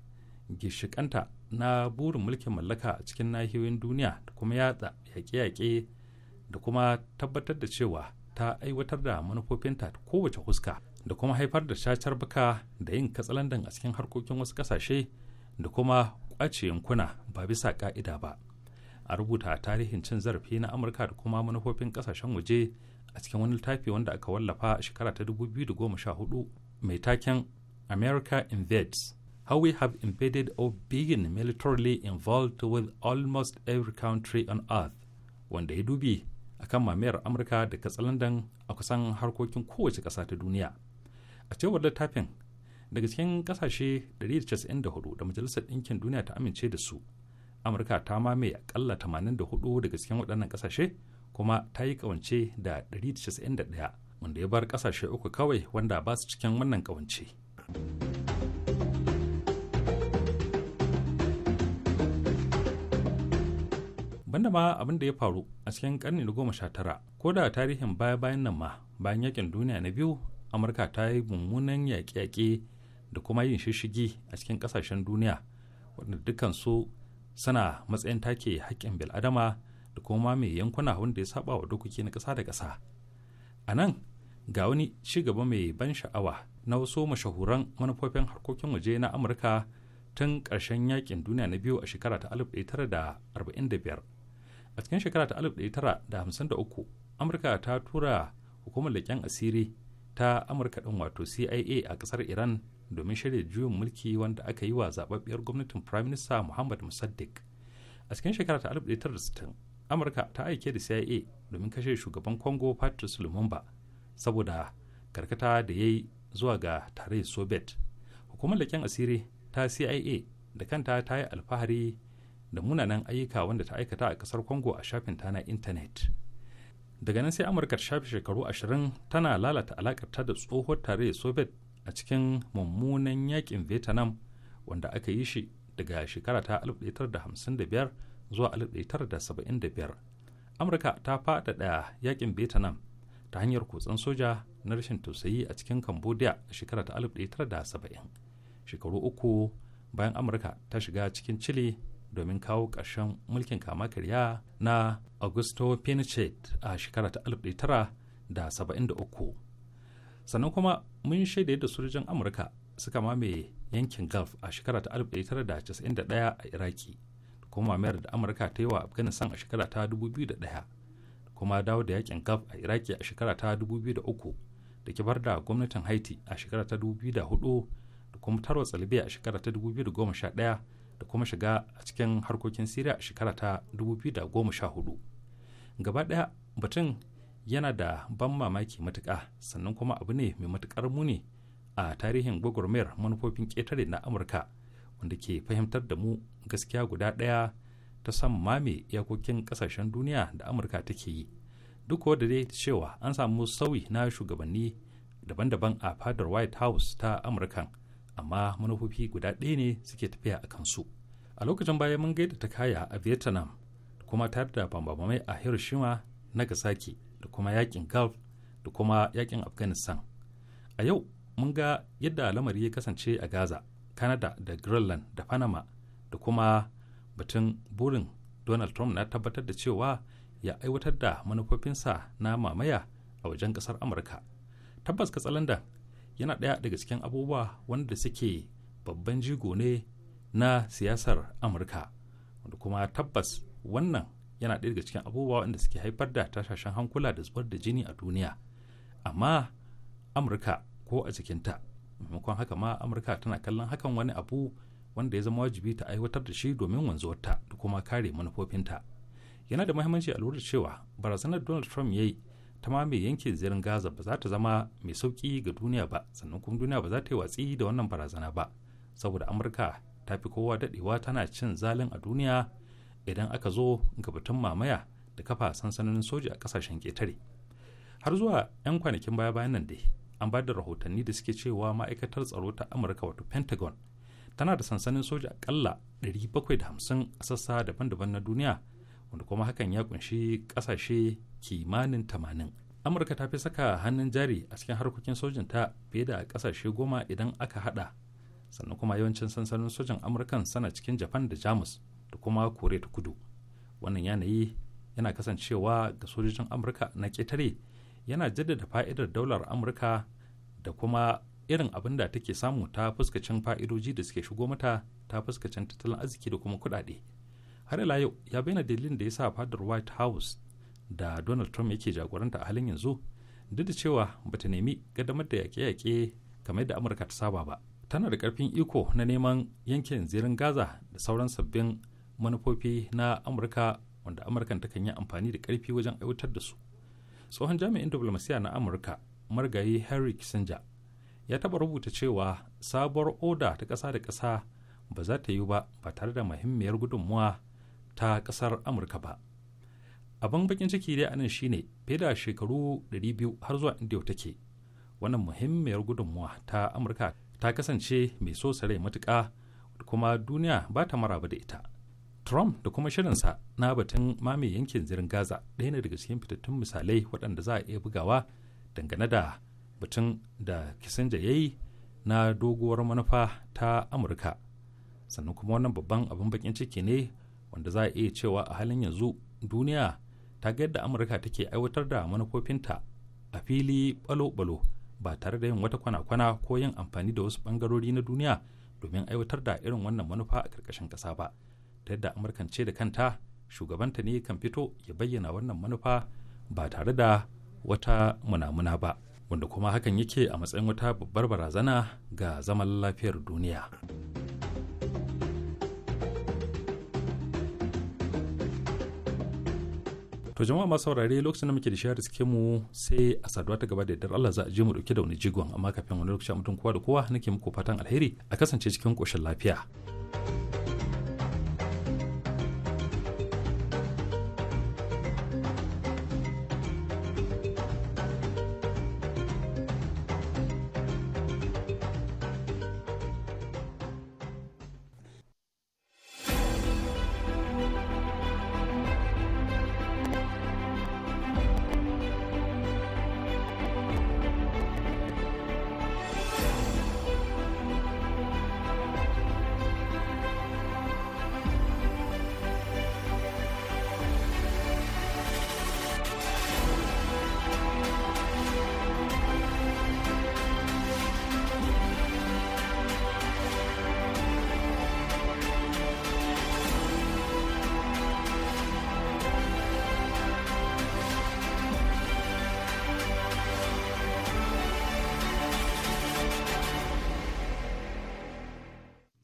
gishikanta na burin mulkin mallaka cikin nahiyoyin duniya da kuma yada yaƙe-yaƙe da kuma tabbatar da cewa ta aiwatar da manufofinta kowace huska da kuma haifar da cacar baka da yin katsalandan a cikin harkokin wasu kasashe da kuma kwace yankuna ba bisa ka'ida ba a rubuta tarihin cin zarafi na amurka da kuma manufofin kasashen waje a cikin wani littafi wanda aka wallafa a shekara ta 2014 mai taken america invades how we have invaded or been militarily involved with almost every country on earth wanda ya dubi akan mamayar amurka da katsalandan a kusan harkokin kowace ƙasa ta duniya a cewar littafin daga cikin kasashe 194 da majalisar ɗinkin duniya ta amince da su amurka ta mamaye akalla 84 daga cikin waɗannan kasashe kuma ta yi kawance da 191 wanda ya bar kasashe uku kawai wanda ba su cikin wannan kawance banda ma abin da ya faru a cikin karni na goma sha tara ko da tarihin baya bayan nan ma bayan yakin duniya na biyu amurka ta yi mummunan yaƙe-yaƙe da kuma yin shishigi a cikin ƙasashen duniya waɗanda dukansu suna matsayin take haƙƙin bil'adama da kuma mai yankuna wanda ya saba wa dokoki na ƙasa da ƙasa a nan ga wani ci gaba mai ban sha'awa na wasu mashahuran manufofin harkokin waje na amurka tun ƙarshen yaƙin duniya na biyu a shekara ta 1945 a cikin shekara ta 1953 amurka ta tura hukumar leƙen asiri ta amurka din wato cia a kasar iran domin shirya juyin mulki wanda aka yi wa zababbiyar gwamnatin prime minister muhammad musaddiq a cikin shekara ta 1960 amurka ta aike da cia domin kashe shugaban congo patrice lumumba saboda karkata da ya yi zuwa ga tarayyar soviet hukumar leken asiri ta cia da kanta ta yi alfahari da munanan ayyuka wanda ta aikata a kasar congo a shafin ta na intanet daga nan sai amurka ta shafe shekaru ashirin tana lalata ta da tsohuwar tarayyar soviet a cikin mummunan yakin vietnam wanda aka yi shi daga shekara ta 1955 zuwa 1975 amurka ta faɗaɗa yakin vietnam ta hanyar kutsan soja na rashin tausayi a cikin cambodia a shekara ta 1970 shekaru uku bayan amurka ta shiga cikin chile domin kawo ƙarshen mulkin kama karya na augusto pinochet a shekara ta 1973 sannan kuma mun shaida yadda sojojin amurka suka mamaye yankin gulf a shekara ta 1991 a iraki kuma mamayar da amurka ta yi wa afghanistan a shekara ta 2001 da kuma dawo da yakin gulf a iraki a shekara ta 2003 da kibar da gwamnatin haiti a shekara ta 2004 da kuma tarwatsa libya a shekara ta 2011 da kuma shiga a cikin harkokin siriya shekara ta 2014 gaba ɗaya batun yana da ban mamaki matuƙa sannan kuma abu ne mai matuƙar muni a tarihin gwagwarmayar manufofin ƙetare na amurka wanda ke fahimtar da mu gaskiya guda ɗaya ta san mame yakokin ƙasashen duniya da amurka take yi duk da dai cewa an samu sauyi na shugabanni daban-daban a fadar white house ta amurkan amma manufofi guda ɗaya ne suke tafiya a kansu a lokacin baya mun gaida ta kaya a vietnam da kuma tare da bambamai a hiroshima nagasaki da kuma yakin gulf da kuma yakin afghanistan a yau mun ga yadda lamari ya kasance a gaza canada da greenland da panama da kuma batun burin donald trump na tabbatar da cewa ya aiwatar da manufofinsa na mamaya a wajen kasar amurka tabbas katsalandan yana ɗaya daga cikin abubuwa wanda suke babban jigo ne na siyasar amurka wanda kuma tabbas wannan yana ɗaya daga cikin abubuwa wanda suke haifar da tashashen hankula da zubar da jini a duniya amma amurka ko a cikinta maimakon haka ma amurka tana kallon hakan wani abu wanda ya zama wajibi ta aiwatar da shi domin wanzuwarta da kuma kare manufofinta yana da muhimmanci a lura cewa barazanar donald trump ya yi ta ma mai yankin zirin gaza ba za ta zama mai sauki ga duniya ba sannan kuma duniya ba za ta yi watsi da wannan barazana ba saboda amurka ta fi kowa daɗewa tana cin zalin a duniya idan aka zo ga batun mamaya da kafa sansanonin soja a kasashen ƙetare har zuwa 'yan kwanakin baya bayan nan dai an ba da rahotanni da suke cewa ma'aikatar tsaro ta amurka wato pentagon tana da sansanin soja akalla 750 a sassa daban-daban na duniya wanda kuma hakan ya kunshi ƙasashe kimanin tamanin amurka ta fi saka hannun jari a cikin harkokin sojin ta fiye da kasashe goma idan aka hada sannan kuma yawancin sansanin sojin amurkan sana cikin japan da jamus da kuma kore ta kudu wannan yanayi yana kasancewa ga sojojin amurka na ƙetare yana jaddada fa'idar daular amurka da kuma irin abin da take samu ta fuskacin fa'idoji da suke shigo mata ta fuskacin tattalin arziki da kuma kuɗaɗe har ila yau ya bayyana dalilin da ya sa fadar white house da donald trump yake jagoranta a halin yanzu duk da cewa bata nemi gadamar da yaƙe-yaƙe kamar da amurka ta saba ba tana da ƙarfin iko na neman yankin zirin gaza da sauran sabbin manufofi na amurka wanda ta kan yi amfani da ƙarfi wajen aiwatar da su tsohon jami'in diplomasiya na amurka margayi harry kissinger ya taɓa rubuta cewa sabuwar oda ta ƙasa da ƙasa ba za ta yi ba ba tare da muhimmiyar gudunmuwa ta ƙasar amurka ba abin bakin ciki dai anan shine fiye da shekaru 200 har zuwa inda yau take wannan muhimmiyar gudunmuwa ta amurka ta kasance mai so sarai matuƙa kuma duniya ba ta maraba da ita trump da kuma shirinsa na batun mame yankin zirin gaza ɗaya ne daga cikin fitattun misalai waɗanda za a iya bugawa dangane da batun da kissinger ya yi na doguwar manufa ta amurka sannan kuma wannan babban abin bakin ciki ne wanda za a iya cewa a halin yanzu duniya ta ga yadda amurka take aiwatar da manufofinta a fili balo-balo ba tare da yin wata kwana-kwana ko yin amfani da wasu bangarori na duniya domin aiwatar da irin wannan manufa a ƙarƙashin ƙasa ba ta yadda amurkan ce da kanta shugabanta ne kan fito ya bayyana wannan manufa ba tare da wata munamuna ba wanda kuma hakan yake a matsayin wata babbar barazana ga zaman lafiyar duniya. to jama'a masu saurare lokacin da muke da shahar suke mu sai a saduwa ta gaba da yadda Allah za a je mu dauke da wani jigon amma kafin wani lokaci mutum kowa da kowa nake muku fatan alheri a kasance cikin koshin lafiya.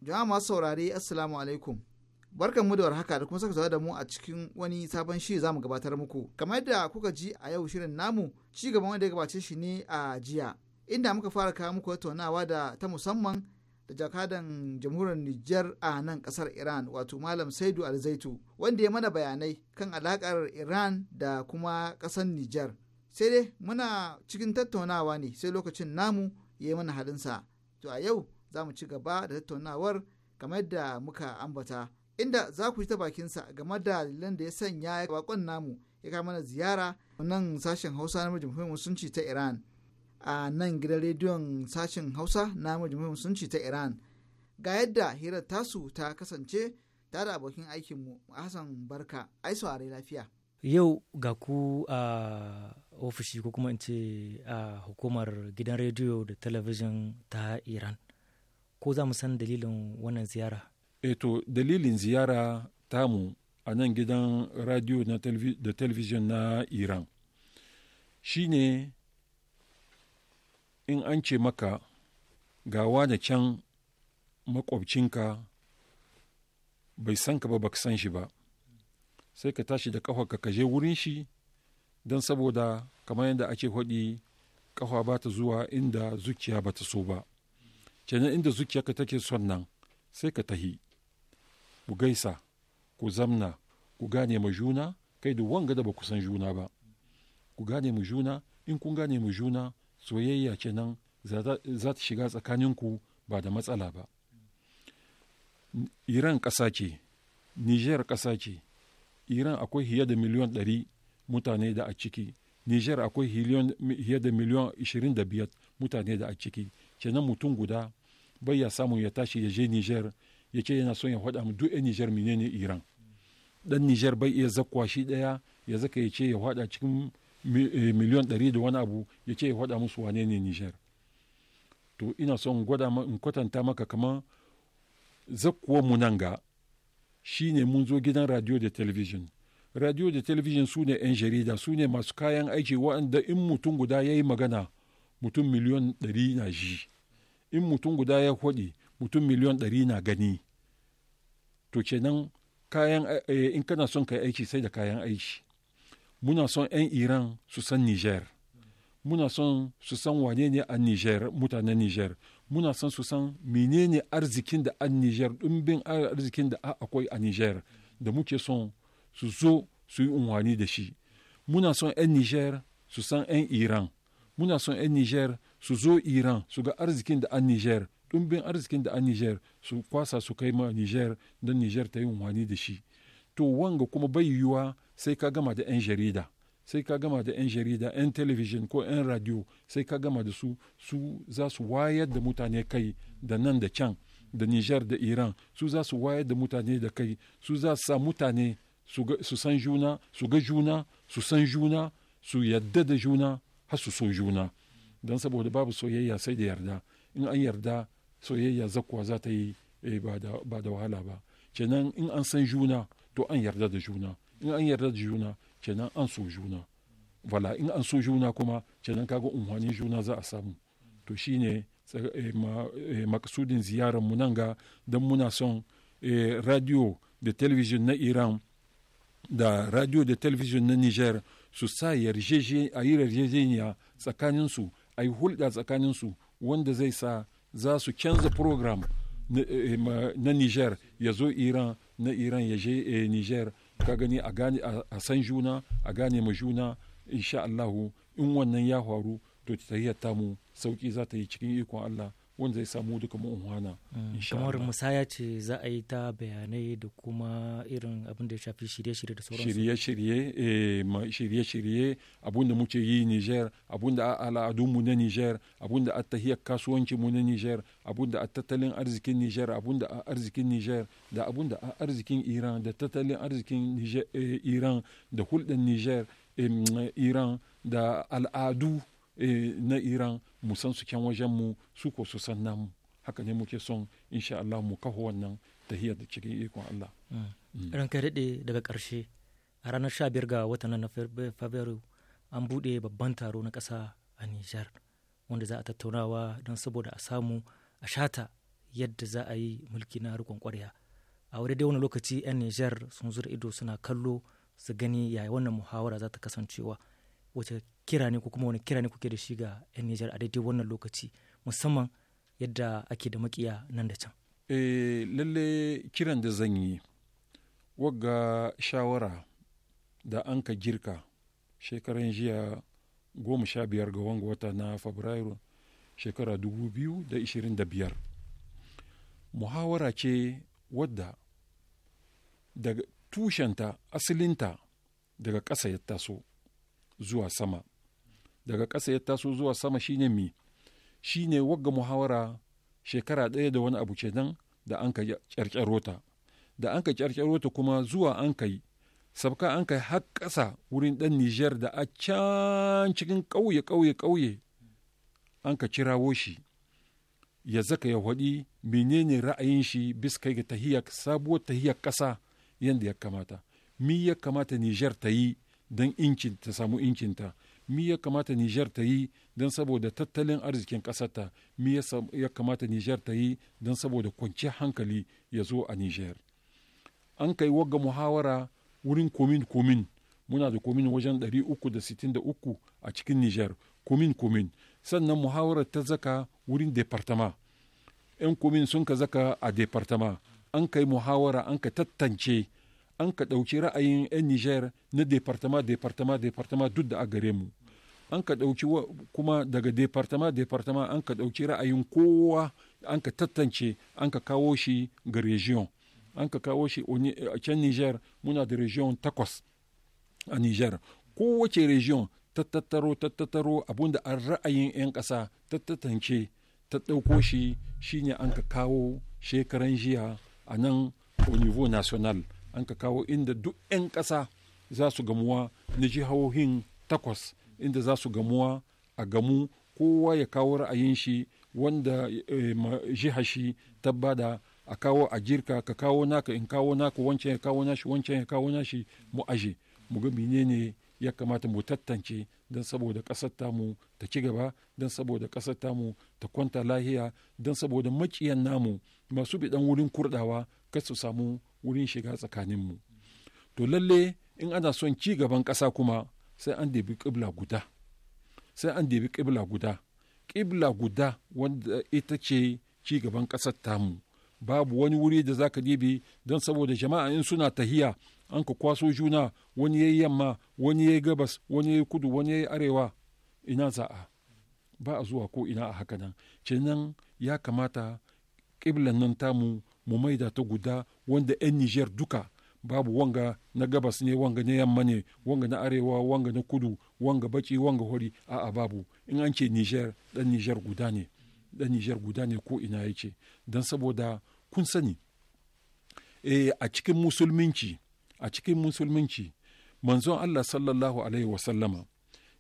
jama'a masu saurare assalamu alaikum barkan mu da warhaka da kuma saka da mu a cikin wani sabon shiri zamu gabatar muku kamar yadda kuka ji a yau shirin namu ci gaban wanda ya gabace shi ne a jiya inda muka fara kawo muku tattaunawa da ta musamman da jakadan jamhuriyar Nijar a nan kasar Iran wato Malam Saidu Alzaitu wanda ya mana bayanai kan alakar Iran da kuma kasar Nijar sai dai muna cikin tattaunawa ne sai lokacin namu ya yi mana halinsa to a yau za mu ci gaba da tattaunawar game da muka ambata inda za ku ji ta bakinsa game da dalilan da ya sanya bakon namu ya kai mana ziyara nan sashen hausa na jamhuriyar musulunci ta iran a nan gidan rediyon sashen hausa na jamhuriyar musulunci ta iran ga yadda hirar tasu ta kasance ta da abokin aikinmu hassan barka ai saurari lafiya yau ga ku a ofishi ko kuma in ce a hukumar gidan rediyo da talabijin ta iran ko za mu san dalilin wannan ziyara eto eh dalilin ziyara tamu a nan gidan radio da television na iran shi ne in an ce maka gawa da can makwabcinka bai san ka ba baka san shi ba sai ka tashi da kafa ka kaje wurin shi don saboda kamar yadda ake hudi kafa ba ta zuwa inda zuciya ba ta so ba kenan inda zuciyarka take son nan sai ka tahi ku gaisa ku zamna ku gane mu juna kai da wanga da ba ku san juna ba ku gane mu juna in kun gane mu juna soyayya kenan za ta shiga tsakaninku ba da matsala ba iran ƙasa ce niger ƙasa ce iran akwai fiye da miliyan ɗari mutane da a ciki niger akwai fiye da miliyan 25 mutane da a ciki kenan mutum guda bai ya samu ya tashi ya je niger ya ce yana son ya faɗa mu duk yan niger menene iran dan niger bai iya zakwa shi ɗaya ya zaka ya ce ya faɗa cikin e, miliyan ɗari da wani abu ya ce ya faɗa musu wane ne niger to ina son gwada in kwatanta maka kamar zakkuwar mu nan ga shine mun zo gidan radio da television radio da talabijin su ne 'yan jarida su ne masu kayan aiki waɗanda in mutum guda ya yi magana mutum miliyon ɗari na ji in mutum guda ya kwaɗi mutum miliyon ɗari na gani to kenan kayan eh, in kana son kai aiki sai da kayan aiki muna son 'yan iran su san niger muna son su san wane ne a niger mutanen niger muna son su san menene arzikin da a niger ɗumbin arzikin da akwai a niger da muke son su zo su yi unwani da shi muna son 'yan niger su san 'yan iran muna son 'yan niger su zo iran su ga arzikin da an niger dumbin arzikin da an niger su kwasa su kai ma niger don niger ta yi unwani da shi to wanga kuma bai yiwuwa sai ka gama da 'yan jarida sai ka gama da 'yan jarida 'yan television ko 'yan radio sai ka gama da su su za su wayar da mutane kai da nan da can da niger da iran su za su wayar da mutane da kai su za su sa mutane su san juna su ga juna su san juna su yadda da juna har su so juna don saboda babu soyayya sai da yarda in an yarda soyayya zakuwa za ta yi eh, ba da wahala ba kenan in an san juna to an yarda da juna in an yarda da juna kenan an so juna wala in an so juna kuma kenan kaga unhwanin juna za a samu to shine eh, eh, makasudin ziyarar mu nan ga don muna son radio da television na iran da radio da television na niger su sa yarjejeniya tsakaninsu a yi hulɗa tsakaninsu wanda zai sa za su canza program na eh, niger ya zo iran na iran ya je eh, niger ka gani a san juna a gane ma juna insha allahu in wannan ya faru to ta mu sauki za ta yi cikin ikon allah wanda zai samu duka ma'unwana. kamar mm, musaya ce za a yi ta bayanai da kuma irin abin da ya shafi shirye-shirye da sauransu shirye-shirye eh, shirye-shirye abin da muke yi niger abin da al'adunmu na niger abin da attahiyar kasuwanci mu na niger abin da tattalin arzikin niger abin da arzikin niger da abin da arzikin iran da tattalin arzikin eh, iran da hulɗar niger iran da al'adu E, na iran mu san su kyan wajen mu su ko su san namu haka ne muke son insha Allah mu kaho wannan hiyar da cikin ikon Allah. Mm. Mm. Ran kai daɗe daga ƙarshe a ranar sha biyar ga watan na Fabrairu an buɗe babban taro na ƙasa a Nijar wanda za a tattaunawa don saboda a samu a shata yadda za a yi mulki na rikon ƙwarya. A wani dai wani lokaci 'yan Nijar sun zura ido suna kallo su gani yaya wannan muhawara za ta kasancewa wace kira ne ko kuma wani kira ne kuke da shi ga 'yan Nijar a daidai wannan lokaci musamman yadda ake da makiya nan da can. E, lalle kiran da zan yi wagga shawara da an ka girka shekaran jiya goma sha biyar ga wanga wata na fabrairu shekara dubu biyu da ishirin da biyar muhawara ce wadda daga tushenta asalinta daga ƙasa ya taso zuwa sama daga ƙasa ya taso zuwa sama shine mi shine wagga muhawara shekara ɗaya da wani abu ce nan da an ka ƙyarƙyaro ta da an ka ƙyarƙyaro ta kuma zuwa an kai sabka an kai har ƙasa wurin ɗan Nijar da a can cikin ƙauye ƙauye ƙauye an ka kirawo shi ya zaka ya haɗi menene ra'ayin shi bis kai ga tahiyar sabuwar tahiyar ƙasa yadda ya kamata mi ya kamata Nijar ta yi don ta samu inkinta mi ya kamata Nijar ta yi don saboda tattalin arzikin ƙasarta mi ya kamata Nijar ta yi don saboda kwanciyar hankali ya zo a Nijar. An kai waga muhawara wurin komin komin muna da komin wajen 363 a cikin Nijar komin komin sannan muhawarar ta zaka wurin departama 'yan komin sun ka zaka a departama an kai muhawara an ka tattance an ka ɗauki ra'ayin 'yan niger na departama departama departama duk da a gare mu an ka ɗauki kuma daga departama departama an ka ɗauki ra'ayin kowa an ka tattance an ka kawo shi ga region an ka kawo shi a can niger muna da region takwas a niger kowace region ta tattaro ta tattaro abinda an ra'ayin 'yan ƙasa ta tattance ta ɗauko shi shine an ka kawo shekaran jiya a nan au niveau national an ka kawo inda duk 'yan ƙasa za su gamuwa na jihohin takwas inda za su gamuwa a gamu kowa ya kawo ra'ayin shi wanda eh, jiha shi ta bada a kawo a jirka ka kawo naka in kawo naka wancan ya kawo nashi wancan ya kawo nashi mu aje mu ga menene ya kamata mu tattance don saboda ƙasar tamu ta ci gaba don saboda ƙasar tamu ta kwanta lahiya don saboda maciyan namu masu bidan wurin kurdawa kar su samu wurin shiga tsakaninmu to lalle in ana son ci gaban ƙasa kuma sai an debi ƙibla guda sai an debi ƙibla guda ƙibla guda wanda ita ce ci gaban ƙasar tamu babu wani wuri da za ka don saboda jama'a in suna tahiya an ka kwaso juna wani ya yi yamma wani ya yi gabas wani ya yi kudu wani ya yi arewa ina za'a ba a zuwa ko ina a haka nan nan ya kamata ƙiblan nan tamu mu maida ta guda wanda 'yan niger duka babu wanga na gabas ne wanga na yamma ne wanga na arewa wanga na kudu wanga baki wanga hori a'a babu in an ce niger dan niger guda ne dan niger guda ne ko ina yake don saboda kun sani eh, a cikin musulminci a cikin musulminci manzon Allah sallallahu alaihi wasallama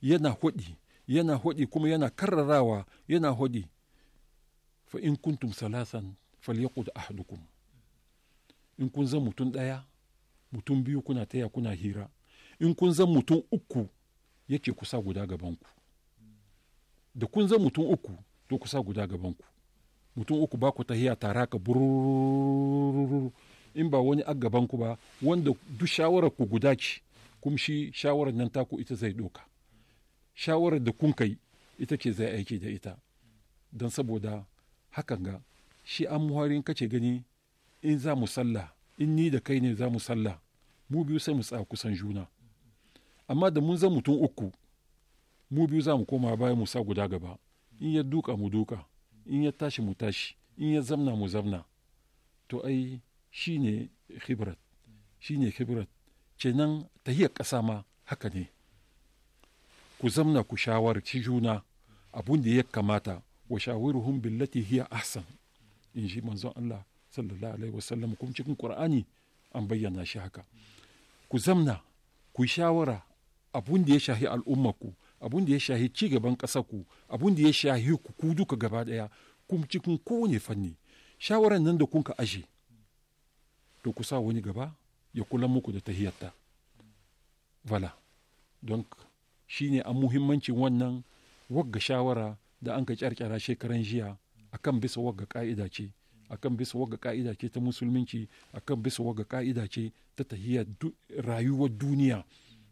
yana hudi yana hudi kuma yana karrarawa yana hudi fa in kuntum salasan falyaqud ahadukum in kun zan mutum ɗaya mutum biyu kuna taya kuna hira in kun zan mutum uku yake kusa guda gabanku da kun zan mutum uku to kusa guda gabanku mutum uku ba ku tahiya tara ka bururu in ba wani agabanku ku ba wanda duk shawarar ku guda ce kuma shi shawarar nan taku ita zai doka shawarar da kun kai ita ke zai aiki da ita don saboda hakan ga shi an ka kace gani in za mu sallah in ni da kai ne za mu sallah mu biyu sai mu tsaya kusan juna amma da mun zan mutum uku mu biyu za mu koma baya mu sa guda gaba in ya duka mu duka in ya tashi mu tashi in ya zamna mu zamna to ai shine khibrat shine khibrat kenan tahiyar ƙasa ma haka ne ku zamna ku shawarci juna abun da ya kamata wa shawiruhum billati hiya ahsan in ji manzon Allah sallallahu alaihi wasallam kuma cikin Qur'ani an bayyana shi haka ku zamna ku shawara abun da ya shahi al'ummarku abun da ya shahi ci gaban ƙasarku abun da ya shahi ku duka gaba ɗaya kuma cikin kowane fanni shawaran nan da kunka aje to ku sa wani gaba ya kula muku da tahiyatta vala don shi ne a muhimmancin wannan wagga shawara da an ka kyarkyara shekaran jiya akan bisa wagga ka'ida ce akan bisa wagga ka'ida ce ta musulminci akan bisa wagga ka'ida ce ta tahiyar rayuwar duniya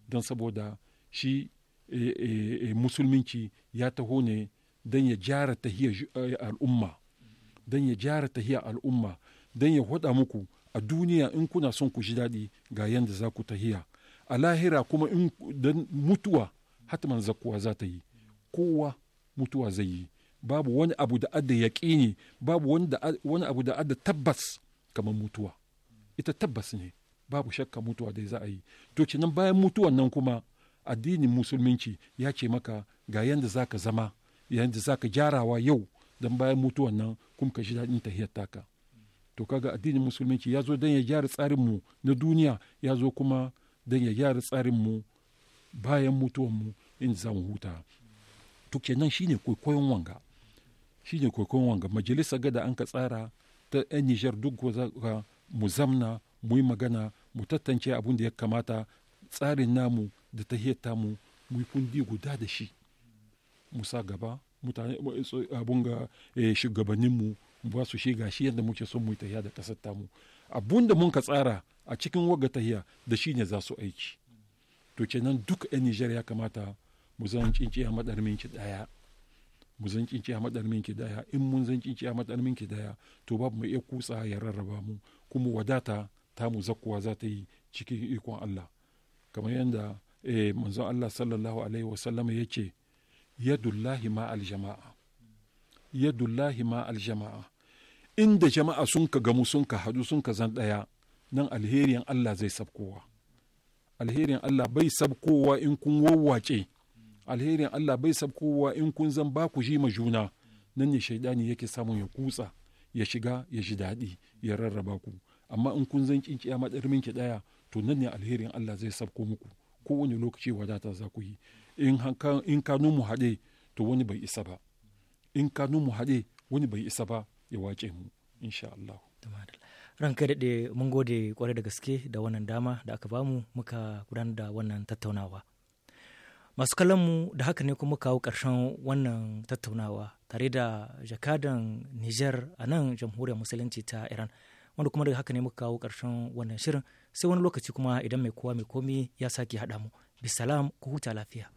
don saboda shi eh, eh, eh, musulminci ya taho ne don ya jara tahiyar al'umma don ya jara tahiyar al'umma don ya hoda muku a duniya in kuna son ku ji daɗi ga yanda za ku tahiya a lahira kuma in dan mutuwa hatman zakuwa za ta yi kowa mutuwa zai yi babu wani abu da adda ne babu wani abu da adda tabbas kamar mutuwa ita tabbas ne babu shakka mutuwa dai za a yi to kenan bayan mutuwan nan kuma addinin musulminci ya ce maka ga yanda za ka zama yanda za ka gyarawa yau don bayan mutuwan nan kuma ka ji daɗin tahiyar taka to kaga addinin musulunci ya zo don ya gyara tsarinmu na duniya ya zo kuma don ya gyara tsarinmu bayan mutuwanmu in za mu huta to kenan shine kwaikwayon wanga shine kwaikwayon wanga majalisa gada an ka tsara ta yan nijar duk ga mu zamna mu yi magana mu tattance abin da ya kamata tsarin namu da ta mu mu yi kundi guda da shi mu sa gaba mutane abun ga eh, shugabanninmu ba su shi gashi yadda muke son mu yi tahiya da kasar tamu abun da mun ka tsara a cikin waga tahiya da shi ne za su aiki to kenan duk 'yan nijar ya kamata mu zan cinciya madarmin ki daya mu zan cinciya madarmin ki daya in mun zan cinciya madarmin ki daya to babu mu iya kutsa ya rarraba mu kuma wadata ta mu zakkuwa za ta yi cikin ikon Allah kamar yadda eh, manzon Allah sallallahu alaihi wasallam ya ce yadullahi ma aljama'a yadullahi ma aljama'a inda jama'a sun ka gamu sun ka hadu sun ka zan ɗaya nan alherin Allah zai sabkowa alherin Allah bai sabkowa in kun wawwace alherin Allah bai sabkowa in kun zan ba ku ji ma juna nan ne shaidani yake samun ya kutsa ya shiga ya ji daɗi ya rarraba ku amma in kun zan kinciya madarmin ki ɗaya to nan ne alherin Allah zai sabko muku kowane lokaci wadata za ku yi in kanu mu haɗe to wani bai isa ba in kanu mu haɗe wani bai isa ba ya wace mu insha Allah ranka daɗe mun gode kwarai da gaske da wannan dama da aka bamu muka gudanar da wannan tattaunawa masu mu da haka ne kuma kawo ƙarshen wannan tattaunawa tare da jakadan nijar a nan jamhuriyar musulunci ta iran wanda kuma daga haka ne muka kawo ƙarshen wannan shirin sai wani lokaci kuma idan mai kowa mai komi ya sake haɗa mu bisalam ku huta lafiya